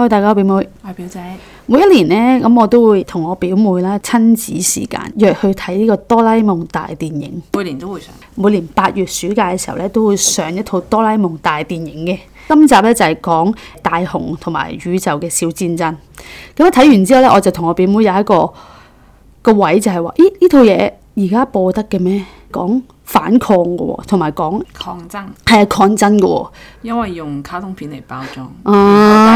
嗨，Hi, 大家好，表妹，我係表姐。每一年呢，咁我都會同我表妹啦，親子時間約去睇呢個哆啦 A 夢大電影。每年都會上，每年八月暑假嘅時候咧，都會上一套哆啦 A 夢大電影嘅。今集咧就係講大雄同埋宇宙嘅小戰爭。咁我睇完之後咧，我就同我表妹有一個個位就係話，咦，呢套嘢，而家播得嘅咩？講反抗嘅，同埋講抗爭，係抗爭嘅。因為用卡通片嚟包裝，啊，啊，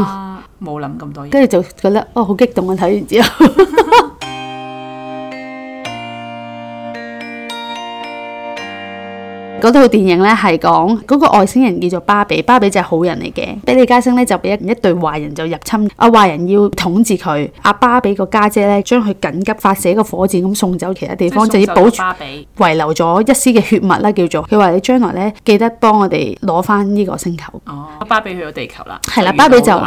大家冇諗咁多嘢，跟住就覺得哦，好激動啊！睇完之後。 嗰套電影咧，係講嗰個外星人叫做芭比，芭比就係好人嚟嘅。比利加星咧就俾一一對壞人就入侵，阿壞人要統治佢。阿芭比個家姐咧，將佢緊急發射一個火箭咁送走其他地方，就要保住芭比，遺留咗一絲嘅血脈啦，叫做佢話你將來咧，記得幫我哋攞翻呢個星球。哦，阿芭比去咗地球啦，係啦，芭比就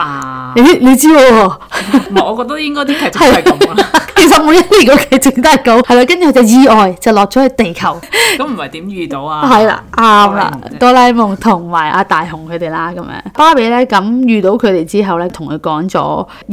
你你知喎，唔係，我覺得應該啲劇情係咁，其實每一年個劇情都係咁，係啦，跟住佢就意外就落咗去地球，咁唔係點遇到啊？係啦。啱啦，哆啦 A 夢同埋阿大雄佢哋啦，咁樣芭比咧咁遇到佢哋之後咧，同佢講咗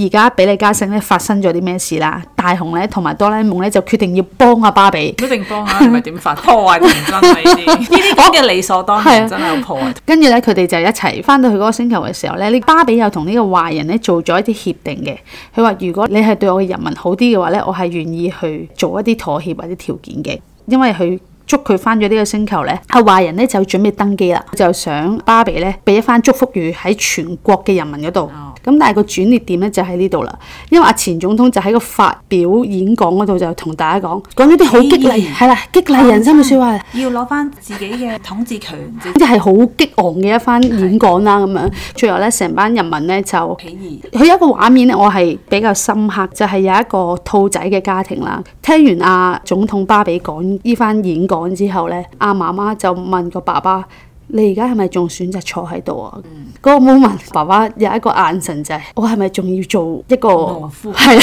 而家比利加星咧發生咗啲咩事啦。大雄咧同埋哆啦 A 夢咧就決定要幫阿芭比，決定幫啊，唔咪點份破壞天真啊呢啲，呢啲講嘅理所當然，真係要破壞。跟住咧，佢哋就一齊翻到去嗰個星球嘅時候咧，你芭比又同呢個壞人咧做咗一啲協定嘅。佢話如果你係對我嘅人民好啲嘅話咧，我係願意去做一啲妥協或者條件嘅，因為佢。捉佢返咗呢個星球、啊、呢阿壞人咧就準備登基啦，就想芭比咧俾一番祝福語喺全國嘅人民嗰度。哦。咁但係個轉捩點咧就喺呢度啦，因為阿前總統就喺個發表演講嗰度就同大家講講啲好激勵，係啦義，激勵人心嘅説話。嗯、要攞返自己嘅統治權，即係好激昂嘅一番演講啦咁的樣。最後咧，成班人民咧就起義。佢有一個畫面咧，我係比較深刻，就係、是、有一個兔仔嘅家庭啦。聽完阿、啊、總統巴比講呢番演講之後咧，阿、啊、媽媽就問個爸爸。你而家係咪仲選擇坐喺度啊？嗰、嗯、個 moment，爸爸有一個眼神就係、是、我係咪仲要做一個懦夫？係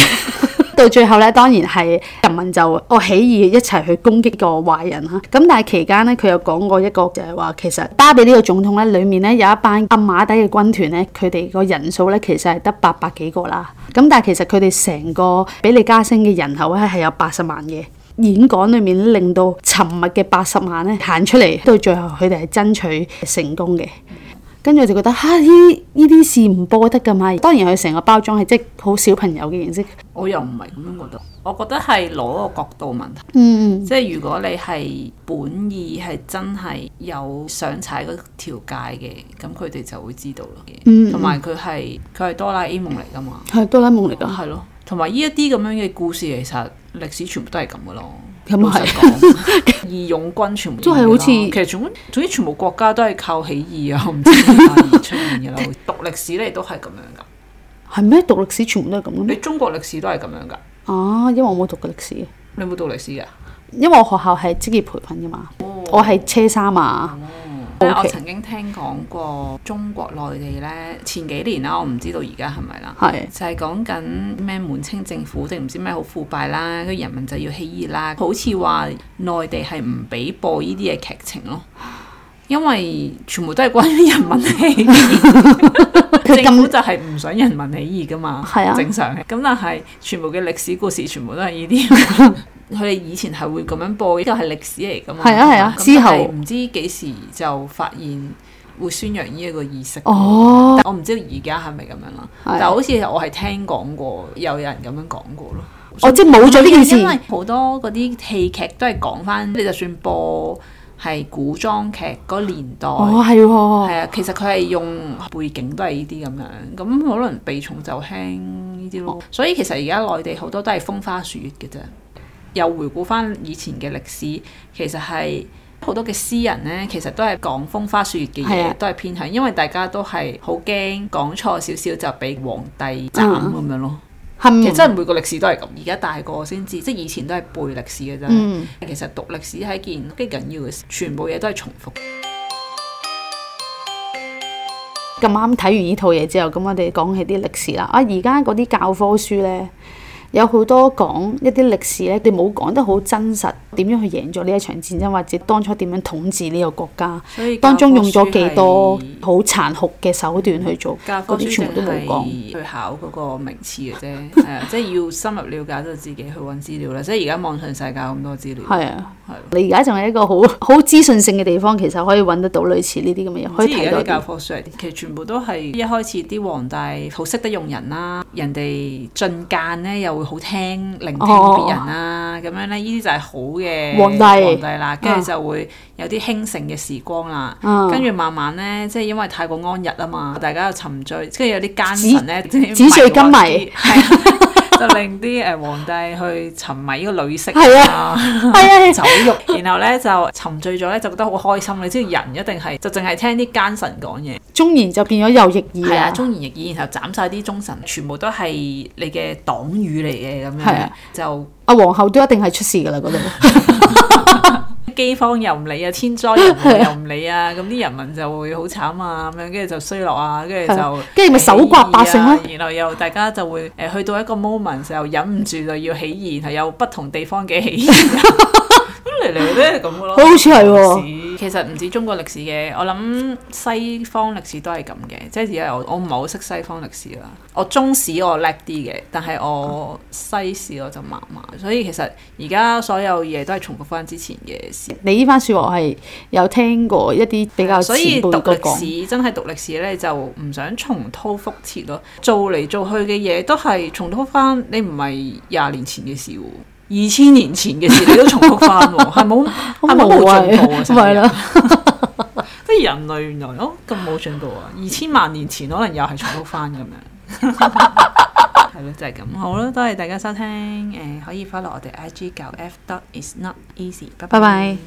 到最後咧，當然係人民就我起義一齊去攻擊個壞人啦。咁但係期間咧，佢又講過一個就係話，其實巴比呢個總統咧，裏面咧有一班暗馬底嘅軍團咧，佢哋個人數咧其實係得八百幾個啦。咁但係其實佢哋成個比利加星嘅人口咧係有八十萬嘅。演講裏面令到沉默嘅八十萬咧彈出嚟，到最後佢哋係爭取成功嘅。跟住我就覺得嚇，依啲依啲事唔播得噶嘛。當然佢成個包裝係即好小朋友嘅形式。我又唔係咁樣覺得，我覺得係攞個角度問題。嗯，即係如果你係本意係真係有想踩嗰條界嘅，咁佢哋就會知道咯。嗯，同埋佢係佢係哆啦 A 夢嚟噶嘛，係哆啦 A 夢嚟噶，係咯。同埋呢一啲咁樣嘅故事其實。歷史全部都係咁嘅咯，咁係 義勇軍全部都係 好似，其實總之全部國家都係靠起義啊！唔 知乜嘢啦，讀歷史咧都係咁樣噶，係咩？讀歷史全部都係咁嘅？你中國歷史都係咁樣噶？啊，因為我冇讀過歷史，你冇讀歷史噶？因為我學校係職業培訓嘅嘛，哦、我係車衫、嗯、啊。Okay. 我曾經聽講過中國內地呢，前幾年啦，我唔知道而家係咪啦，係 Okay. 就係講緊咩滿清政府定唔知咩好腐敗啦，人民就要起義啦。好似話內地係唔俾播呢啲嘅劇情咯，因為全部都係關於人民起義，根本 就係唔想人民起義噶嘛，係 啊正常嘅。咁但係全部嘅歷史故事全部都係呢啲。 佢哋以前係會咁樣播，呢個係歷史嚟噶嘛？係啊，係啊，之後唔知幾時就發現會宣揚呢一個意識。哦，但我唔知而家係咪咁樣啦，但、啊、好似我係聽講過，有人咁樣講過咯。我即係冇咗呢件事，因為好多嗰啲戲劇都係講翻。你就算播係古裝劇嗰年代，係係、哦、啊、啊。其實佢係用背景都係呢啲咁樣，咁可能避重就輕呢啲咯。哦、所以其實而家內地好多都係風花雪月嘅啫。又回顧翻以前嘅歷史，其實係好多嘅詩人呢，其實都係講風花雪月嘅嘢，的都係偏向，因為大家都係好驚講錯少少就俾皇帝斬咁斬樣咯。係，其實真係每個歷史都係咁。而家大個先知，即係以前都係背歷史嘅啫。嗯、其實讀歷史係一件幾緊要嘅事，全部嘢都係重複。咁啱睇完呢套嘢之後，咁我哋講起啲歷史啦。啊，而家嗰啲教科書呢。有好多講一啲歷史咧，佢冇講得好真實。點樣去贏咗呢一場戰爭，或者當初點樣統治呢個國家？當中用咗幾多好殘酷嘅手段去做？教科書係去考嗰個名次嘅啫，係啊！即係要深入了解就自己去揾資料啦。即係而家網上世界咁多資料，係啊，係。你而家仲係一個好好資訊性嘅地方，其實可以揾得到類似呢啲咁嘅嘢，可以睇到教科書嚟。其實全部都係一開始啲皇帝好識得用人啦，人哋進諫呢又會好聽聆聽別人啦。咁樣呢呢啲就係好嘅。嘅皇帝皇帝啦，跟住就會有啲興盛嘅時光啦，跟住、嗯、慢慢呢，即係因為太過安逸啊嘛，大家又沉醉，即係有啲奸臣呢，即係紙醉惑金迷。 就令啲誒皇帝去沉迷呢個女色，係啊，酒肉，然後咧就沉醉咗咧，就覺得好開心。你知道人一定係就淨係聽啲奸臣講嘢，忠言就變咗猶疑耳， 啊，忠言逆耳，然後斬晒啲忠臣，全部都係你嘅黨羽嚟嘅咁樣， 就阿、啊、皇后都一定係出事㗎喇嗰度。 饑荒又唔理啊，天災人民又唔理啊，咁啲 人民就會好慘啊，咁樣跟住就衰落啊，跟住就，跟住咪手刮百姓咯，然後又大家就會誒去到一個 moment 時候，忍唔住就要起義，係有不同地方嘅起義，咁嚟嚟咧咁嘅咯， 好似係喎。 其實唔止中國歷史嘅，我諗西方歷史都係咁嘅。即係而家我唔係好識西方歷史啦，我中史我叻啲嘅，但係我西史我就麻麻。所以其實而家所有嘢都係重複翻之前嘅事。你呢番說話係有聽過一啲比較，所以讀歷史真係讀歷史咧就唔想重蹈覆轍咯。做嚟做去嘅嘢都係重蹈翻你唔係廿年前嘅事喎。二千年前嘅事你 都重複翻喎，係冇係冇進步啊！真係 無意、啊，咁 是的 人類原來哦咁冇進步啊！二千萬年前可能又係重複翻咁樣，係咯，就係咁好啦，多謝大家收聽，誒、呃、可以 follow 我哋 I G 九，F dot is not easy，拜拜。